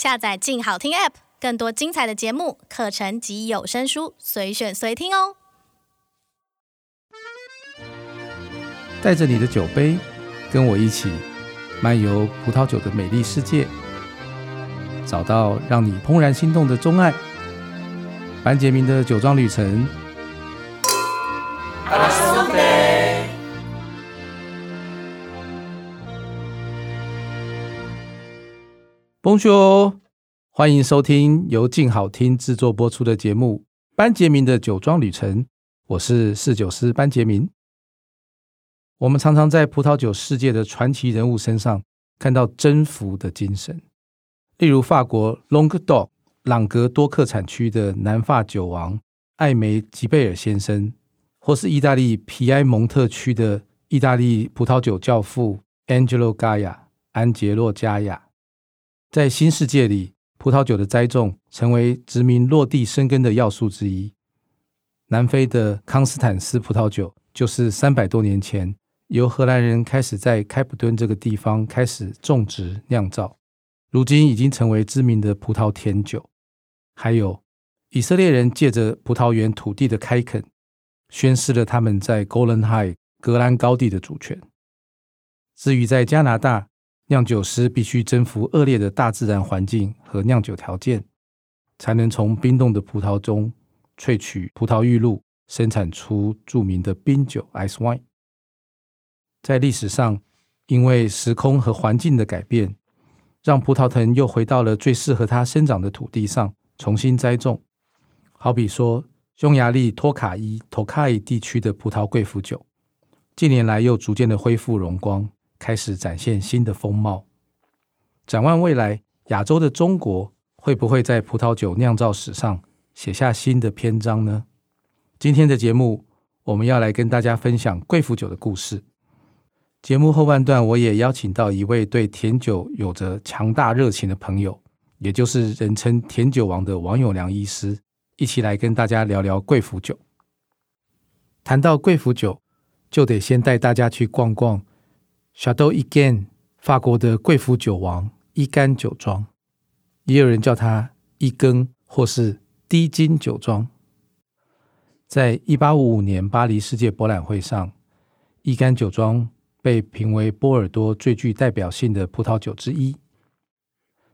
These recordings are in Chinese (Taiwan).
下載“靜好聽 ”App，更多精彩的節目、課程及有聲書，隨選隨聽哦。帶着你的酒杯，跟我一起漫遊葡萄酒的美麗世界，找到讓你怦然心動的鍾愛。班傑銘的酒莊旅程。Bonjour，歡迎收聽由靜好聽制作播出的節目《班傑銘的酒莊旅程》。我是侍酒師班傑銘。我們常常在葡萄酒世界的傳奇人物身上看到征服的精神，例如法國 Languedoc，朗格多克產區的南法酒王艾梅吉貝爾先生，或是意大利皮埃蒙特區的意大利葡萄酒教父安杰洛加亞安杰洛加亞。在新世界裡，葡萄酒的栽種成為殖民落地生根的要素之一。南非的康斯坦斯葡萄酒就是三百多年前由荷蘭人開始在開普敦這個地方開始種植釀造，如今已經成為知名的葡萄甜酒。還有以色列人借着葡萄園土地的開墾，宣示了他們在戈倫海格蘭高地的主權。至於在加拿大，釀酒師必須征服惡劣的大自然環境和釀酒條件，才能從冰凍的葡萄中萃取葡萄玉露，生產出著名的冰酒 （Ice w i e 在歷史上，因為時空和環境的改變，讓葡萄藤又回到了最適合它生長的土地上，重新栽種。好比說，匈牙利托卡伊 t o k a 地區的葡萄貴腐酒，近年來又逐漸的恢復榮光。開始展現新的風貌。展望未來，亞洲的中國會不會在葡萄酒釀造史上寫下新的篇章呢？今天的節目，我們要來跟大家分享貴腐酒的故事。節目後半段，我也邀請到一位對甜酒有着強大熱情的朋友，也就是人稱“甜酒王”的王泳涼醫師，一起來跟大家聊聊貴腐酒。談到貴腐酒，就得先帶大家去逛逛。Château d'Yquem 法國的貴腐酒王伊甘酒莊，也有人叫它伊根或是低金酒莊。在一八五五年巴黎世界博覽會上，伊甘酒莊被評為波爾多最具代表性的葡萄酒之一。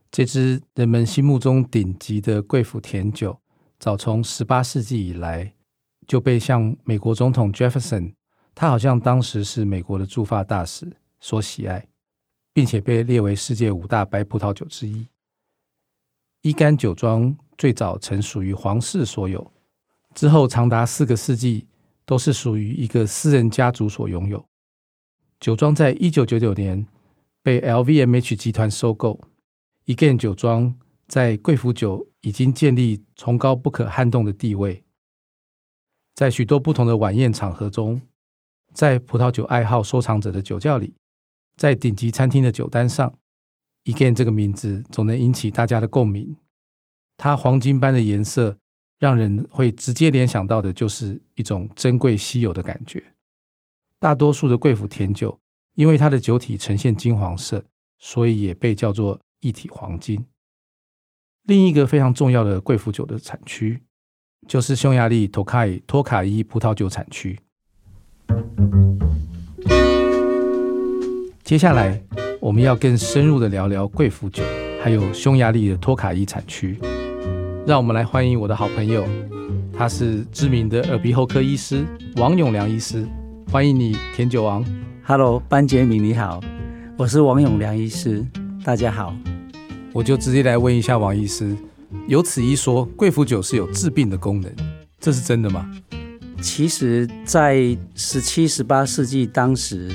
這支人們心目中頂級的貴腐甜酒，早從十八世紀以來就被向美國總統 Jefferson，他好像當時是美國的駐法大使。所喜愛，並且被列為世界五大白葡萄酒之一。伊甘酒莊最早曾屬於皇室所有，之後長達四個世紀都是屬於一個私人家族所擁有。酒莊在一九九九年被 LVMH 集團收購。伊甘酒莊在貴腐酒已經建立崇高不可撼動的地位，在許多不同的晚宴場合中，在葡萄酒愛好收藏者的酒窖裡。在頂級餐廳的酒單上 Yquem 這個名字總能引起大家的共鳴。它黃金般的顏色，讓人會直接聯想到的就是一種珍貴稀有的感覺。大多數的貴腐甜酒，因為它的酒體呈現金黃色，所以也被叫做液體黃金。另一個非常重要的貴腐酒的產區，就是匈牙利托凱、托卡伊葡萄酒產區。接下來，我們要更深入的聊聊貴腐酒，還有匈牙利的托卡伊產區。讓我們來歡迎我的好朋友，他是知名的耳鼻喉科醫師王泳涼醫師。歡迎你，甜酒王。Hello，班傑明，你好，我是王泳涼醫師。大家好，我就直接來問一下王醫師，有此一說，貴腐酒是有治病的功能，這是真的嗎？其實，在十七、十八世紀當時。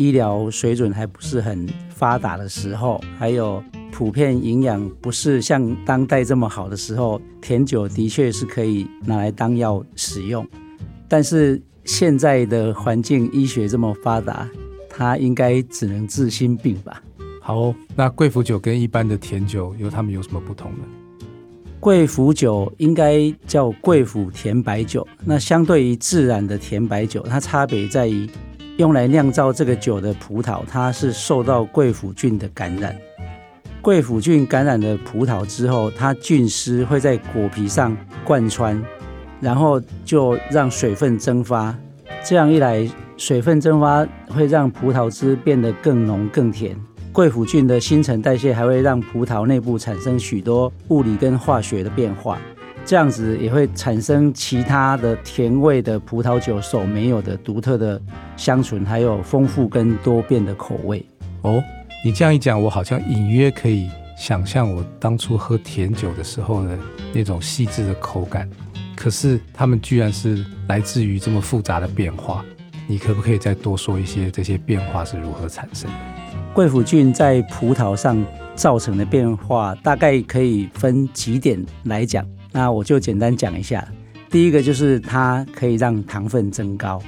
醫療水準還不是很發達的時候，還有普遍營養不是像當代這麼好的時候，甜酒的確是可以拿來當藥使用。但是現在的環境醫學這麼發達，它應該只能治心病吧？好哦，那貴腐酒跟一般的甜酒，有它們有什麼不同呢？貴腐酒應該叫貴腐甜白酒，那相對於自然的甜白酒，它差別在於。用來釀造這個酒的葡萄，它是受到貴腐菌的感染。貴腐菌感染了葡萄之後，它菌絲會在果皮上貫穿，然後就讓水分蒸發。這樣一來，水分蒸發會讓葡萄汁變得更濃更甜。貴腐菌的新陳代謝還會讓葡萄內部產生許多物理跟化學的變化。這樣子也會產生其他的甜味的葡萄酒所沒有的獨特的香醇，還有豐富跟多變的口味。哦，你這樣一講，我好像隱約可以想象我當初喝甜酒的時候的那種細緻的口感。可是它們居然是來自於這麼複雜的變化，你可不可以再多說一些這些變化是如何產生的？貴腐菌在葡萄上造成的變化，大概可以分幾點來講。那我就簡單講一下，第一個就是它可以讓糖分增高，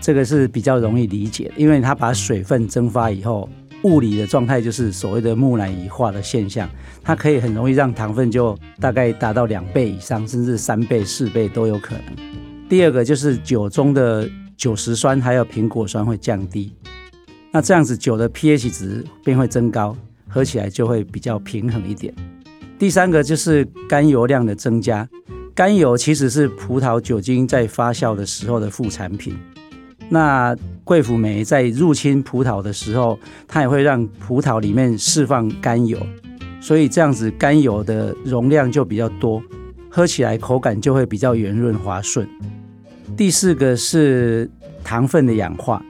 這個是比較容易理解的，因為它把水分蒸發以後，物理的狀態就是所謂的木乃伊化的現象，它可以很容易讓糖分就大概達到兩倍以上，甚至三倍、四倍都有可能。第二個就是酒中的酒石酸還有蘋果酸會降低，那這樣子酒的 pH 值便會增高，喝起來就會比較平衡一點。第三個就是甘油量的增加，甘油其實是葡萄酒精在發酵的時候的副產品。那貴腐黴在入侵葡萄的時候，它也會讓葡萄裡面釋放甘油，所以這樣子甘油的容量就比較多，喝起來口感就會比較圓潤滑順。第四個是糖分的氧化。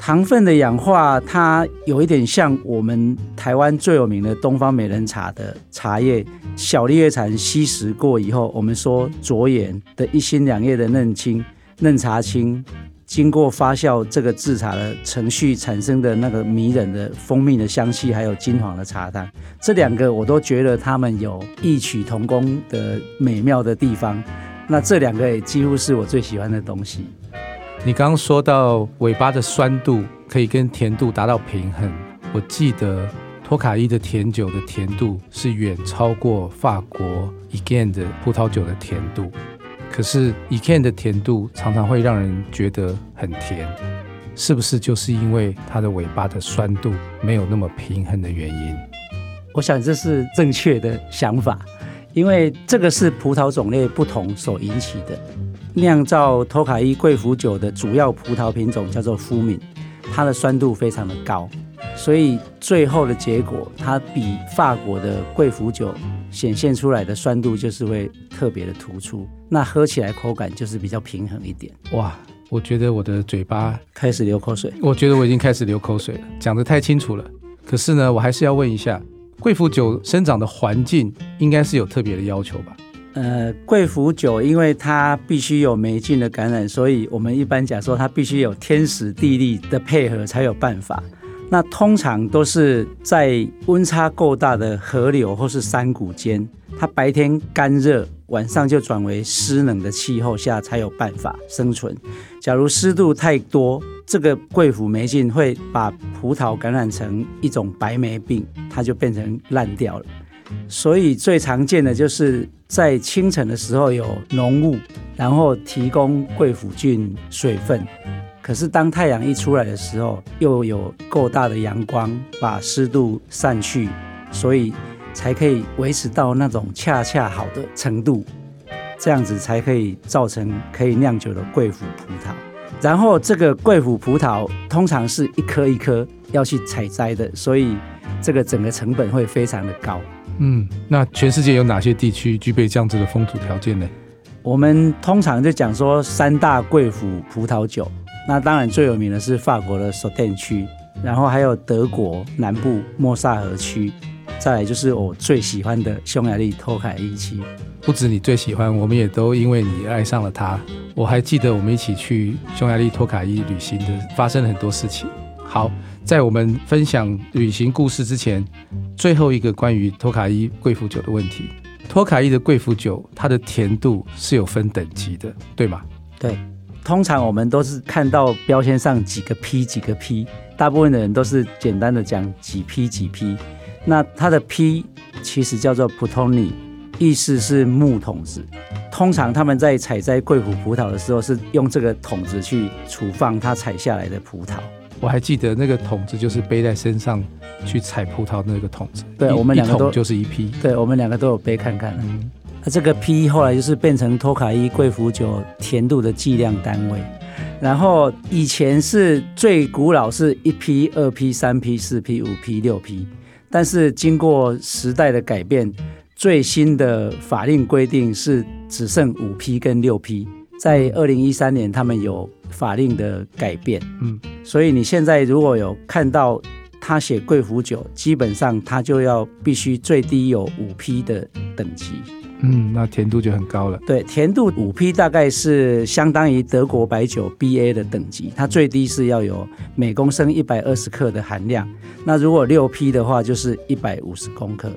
糖分的氧化，它有一點像我們台灣最有名的東方美人茶的茶葉，小綠葉蟬吸食過以後，我們說左眼的一心兩葉的嫩青嫩茶青，經過發酵這個製茶的程序產生的那個迷人的蜂蜜的香氣，還有金黃的茶湯，這兩個我都覺得它們有異曲同工的美妙的地方。那這兩個也幾乎是我最喜歡的東西。你剛剛說到尾巴的酸度可以跟甜度達到平衡，我記得托卡伊的甜酒的甜度是遠超過法國 Yquem 的葡萄酒的甜度，可是 Yquem 的甜度常常會讓人覺得很甜，是不是就是因為它的尾巴的酸度沒有那麼平衡的原因？我想這是正確的想法，因為這個是葡萄種類不同所引起的。釀造托卡伊貴腐酒的主要葡萄品種叫做伏敏，它的酸度非常的高，所以最後的結果，它比法國的貴腐酒顯現出來的酸度就是會特別的突出，那喝起來口感就是比較平衡一點。哇，我覺得我的嘴巴開始流口水，我覺得我已經開始流口水了，講得太清楚了。可是呢，我還是要問一下，貴腐酒生長的環境應該是有特別的要求吧？呃，貴腐酒因為它必須有黴菌的感染，所以我們一般講說它必須有天時地利的配合才有辦法。那通常都是在溫差夠大的河流或是山谷間，它白天乾熱，晚上就轉為濕冷的氣候下才有辦法生存。假如濕度太多，這個貴腐黴菌會把葡萄感染成一種白黴病，它就變成爛掉了。所以最常見的就是。在清晨的時候有濃霧，然後提供貴腐菌水分。可是當太陽一出來的時候，又有夠大的陽光把濕度散去，所以才可以維持到那種恰恰好的程度，這樣子才可以造成可以釀酒的貴腐葡萄。然後這個貴腐葡萄通常是一顆一顆要去採摘的，所以這個整個成本會非常的高。嗯，那全世界有哪些地區具備這樣子的風土條件呢？我們通常就講說三大貴腐葡萄酒，那當然最有名的是法國的索甸區，然後還有德國南部莫薩河區，再來就是我最喜歡的匈牙利托卡伊區。不只你最喜歡，我們也都因為你愛上了它。我還記得我們一起去匈牙利托卡伊旅行的，發生了很多事情。好，在我們分享旅行故事之前，最後一個關於托卡伊貴腐酒的問題。托卡伊的貴腐酒，它的甜度是有分等級的，對嗎？對，通常我們都是看到標籤上幾個 P 幾個 P，大部分的人都是簡單的講幾 P 幾 P。那它的 P 其實叫做 Puttony，意思是木桶子。通常他們在採摘貴腐葡萄的時候，是用這個桶子去儲放它採下來的葡萄。我還記得那個桶子，就是背在身上去採葡萄那個桶子。對，一我們兩個都就是一批。對，我們兩個都有背看看。嗯，那這個批後來就是變成托卡伊貴腐酒甜度的計量單位。然後以前是最古老是一批、二批、三批、四批、五批、六批，但是經過時代的改變，最新的法令規定是只剩五批跟六批。在二零一三年，他們有法令的改變。嗯。所以你現在如果有看到他寫貴腐酒，基本上他就要必須最低有五 P 的等級，嗯，那甜度就很高了。對，甜度五 P 大概是相當於德國白酒 BA 的等級，它最低是要有每公升一百二十克的含量。那如果六 P 的話，就是一百五十公克。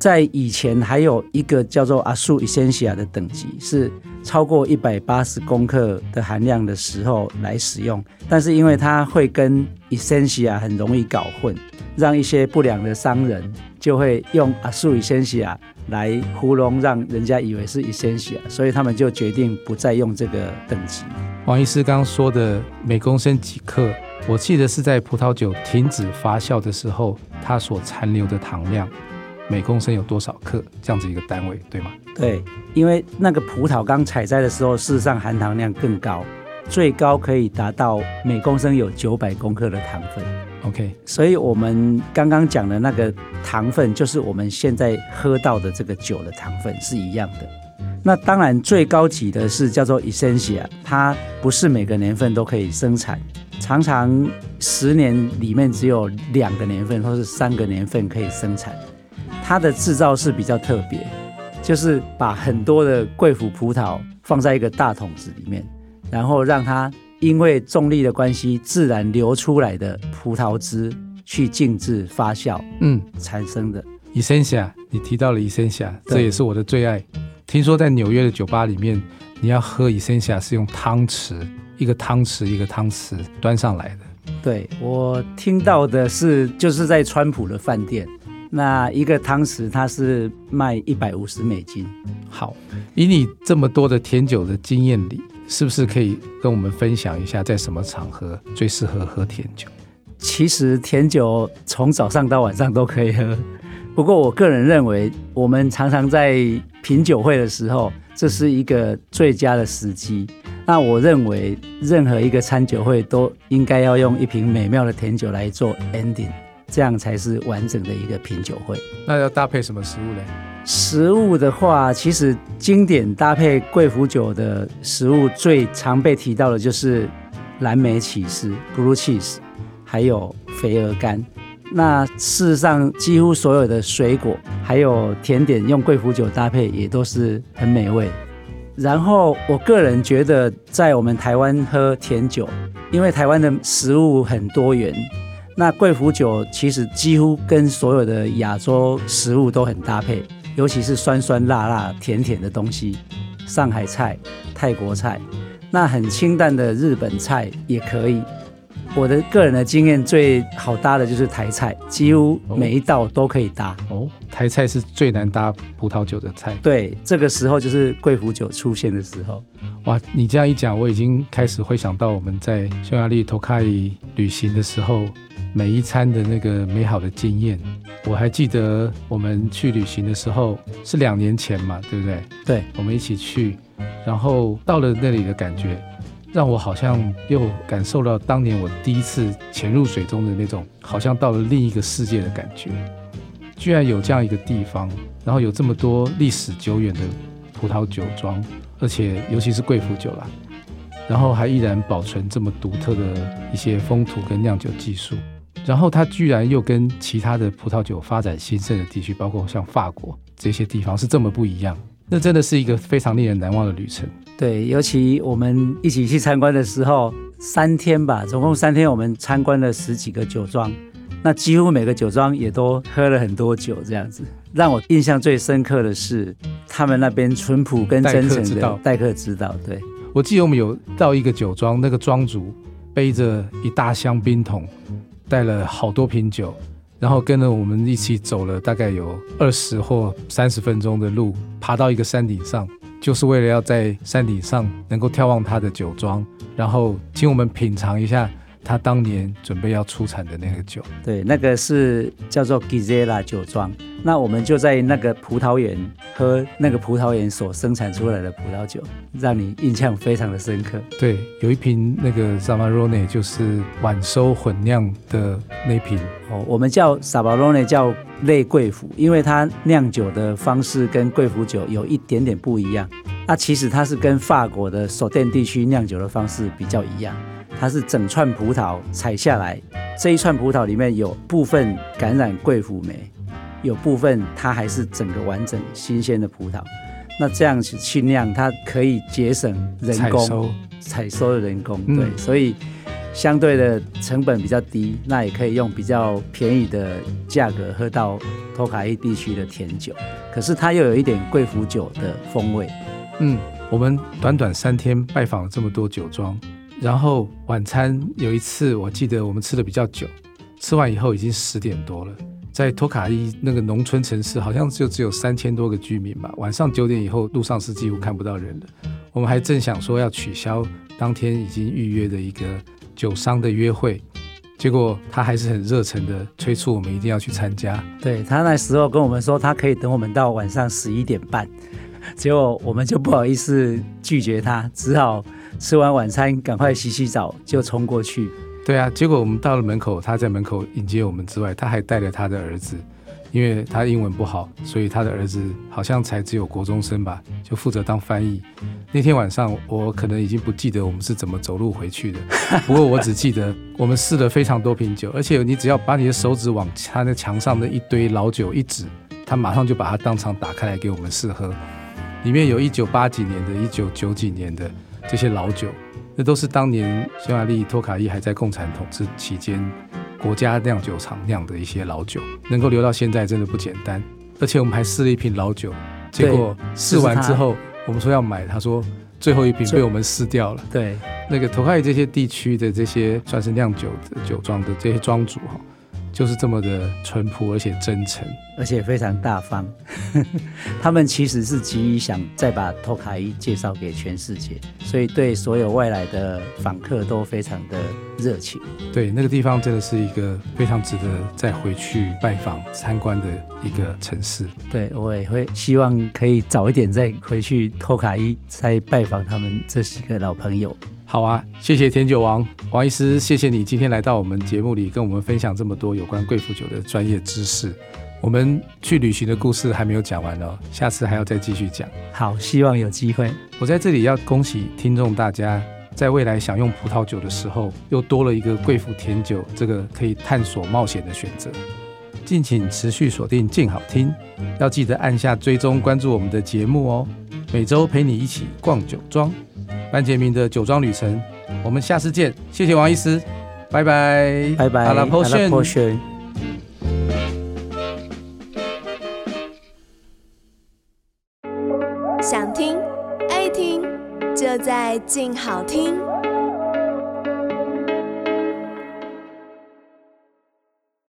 在以前還有一個叫做阿素伊 c i a 的等級是，超過一百八十公克的含量的時候來使用，但是因為它會跟 Essencia 很容易搞混，讓一些不良的商人就會用 Aszú Essencia 來糊弄，讓人家以為是 Essencia，、e、所以他們就決定不再用這個等級。王醫師剛說的每公升幾克，我記得是在葡萄酒停止發酵的時候，它所殘留的糖量，每公升有多少克？這樣子一個單位，對嗎？對，因為那個葡萄剛採摘的時候，事實上含糖量更高，最高可以達到每公升有九百公克的糖分。OK，所以我們剛剛講的那個糖分，就是我們現在喝到的這個酒的糖分是一樣的。那當然最高級的是叫做 Essencia，它不是每個年份都可以生產，常常十年裡面只有兩個年份或是三個年份可以生產。它的製造是比較特別，就是把很多的貴腐葡萄放在一個大桶子裡面，然後讓它因為重力的關係自然流出來的葡萄汁去靜置發酵，嗯，產生的。伊森霞，你提到了伊森霞，對這也是我的最愛。聽說在紐約的酒吧裡面，你要喝伊森霞是用湯匙，一個湯匙一個湯匙端上來的。對，我聽到的是就是在川普的飯店。那一個湯匙，它是賣一百五十美金。好，以你這麼多的甜酒的經驗裡，是不是可以跟我們分享一下，在什麼場合最適合喝甜酒？其實甜酒從早上到晚上都可以喝，不過我個人認為，我們常常在品酒會的時候，這是一個最佳的時機。那我認為，任何一個餐酒會都應該要用一瓶美妙的甜酒來做 ending。這樣才是完整的一個品酒會。那要搭配什麼食物呢？食物的話，其實經典搭配貴腐酒的食物最常被提到的就是藍莓起司 （blue cheese），還有肥鵝肝。那事實上，幾乎所有的水果還有甜點用貴腐酒搭配也都是很美味。然後，我個人覺得在我們台灣喝甜酒，因為台灣的食物很多元。那貴腐酒其實幾乎跟所有的亞洲食物都很搭配，尤其是酸酸辣辣、甜甜的東西，上海菜、泰國菜，那很清淡的日本菜也可以。我的個人的經驗，最好搭的就是台菜，幾乎每一道都可以搭。哦，哦，台菜是最難搭葡萄酒的菜。對，這個時候就是貴腐酒出現的時候。哇，你這樣一講，我已經開始回想到我們在匈牙利托卡伊旅行的時候，每一餐的那個美好的經驗。我還記得我們去旅行的時候是兩年前嘛，對不對？對，我們一起去，然後到了那裡的感覺。讓我好像又感受到當年我第一次潛入水中的那種，好像到了另一個世界的感覺。居然有這樣一個地方，然後有這麼多歷史久遠的葡萄酒莊，而且尤其是貴腐酒啦，然後還依然保存這麼獨特的一些風土跟釀酒技術。然後它居然又跟其他的葡萄酒發展興盛的地區，包括像法國，這些地方是這麼不一樣。那真的是一個非常令人難忘的旅程。對，尤其我們一起去參觀的時候，三天吧，總共三天，我們參觀了十幾個酒莊，那幾乎每個酒莊也都喝了很多酒，這樣子。讓我印象最深刻的是，他們那邊淳樸跟真誠的待客之道。對，我記得我們有到一個酒莊，那個莊主背着一大箱冰桶，帶了好多瓶酒，然後跟着我們一起走了大概有二十或三十分鐘的路，爬到一個山頂上。就是為了要在山頂上能夠眺望他的酒莊，然後請我們品嘗一下他當年準備要出產的那個酒。對，那個是叫做 Gizella 酒莊。那我們就在那個葡萄園，喝那個葡萄園所生產出來的葡萄酒，讓你印象非常的深刻。對，有一瓶那個 Szamorodni，就是晚收混釀的那瓶。哦，我們叫 a a Szamorodni 叫類貴腐，因為它釀酒的方式跟貴腐酒有一點點不一樣。那、啊、其實它是跟法國的索甸地區釀酒的方式比較一樣，它是整串葡萄採下來，這一串葡萄裡面有部分感染貴腐黴。有部分它還是整個完整新鮮的葡萄，那這樣去釀它可以節省人工採收,採收的人工、嗯、對，所以相對的成本比較低，那也可以用比較便宜的價格喝到托卡伊地區的甜酒，可是它又有一點貴腐酒的風味。嗯，我們短短三天拜訪了這麼多酒莊，然後晚餐有一次我記得我們吃的比較久，吃完以後已經十點多了。在托卡伊那個農村城市，好像就只有三千多個居民吧。晚上九點以後，路上是幾乎看不到人的。我們還正想說要取消當天已經預約的一個酒商的約會，結果他還是很熱誠的催促我們一定要去參加。對，他那時候跟我們說，他可以等我們到晚上十一點半。結果我們就不好意思拒絕他，只好吃完晚餐趕快洗洗澡就衝過去。對啊，結果我們到了門口，他在門口迎接我們之外，他還帶了他的兒子，因為他英文不好，所以他的兒子好像才只有國中生吧，就負責當翻譯。那天晚上我可能已經不記得我們是怎麼走路回去的，不過我只記得我們試了非常多瓶酒， 而且你只要把你的手指往他的牆上的一堆老酒一指，他馬上就把它當場打開來給我們試喝，裡面有一九八幾年的、一九九幾年的這些老酒。那都是當年匈牙利托卡伊還在共產統治期間，國家釀酒廠釀的一些老酒，能夠留到現在真的不簡單。而且我們還試了一瓶老酒，對結果試完之後，我們說要買，他說最後一瓶被我們試掉了。對，對那個托卡伊這些地區的這些算是釀酒的酒莊的這些莊主哈。就是這麼的淳樸而且真誠，而且非常大方。 他們其實是急於想再把托卡伊介紹給全世界，所以對所有外來的訪客都非常的熱情。對，那個地方真的是一個非常值得再回去拜訪參觀的一個城市。對，我也會希望可以早一點再回去托卡伊，再拜訪他們這幾個老朋友。好啊，謝謝甜酒王王醫師，謝謝你今天來到我們節目裡，跟我們分享這麼多有關貴腐酒的專業知識。我們去旅行的故事還沒有講完哦，下次還要再繼續講。好，希望有機會。我在這裡要恭喜聽眾大家，在未來享用葡萄酒的時候，又多了一個貴腐甜酒這個可以探索冒險的選擇。敬請持續鎖定靜好聽，要記得按下追蹤關注我們的節目哦。每周陪你一起逛酒莊，班傑銘的酒莊旅程，我們下次見。謝謝王醫師，拜拜拜拜，阿拉波謝，阿拉波謝。想聽愛聽，就在靜好聽。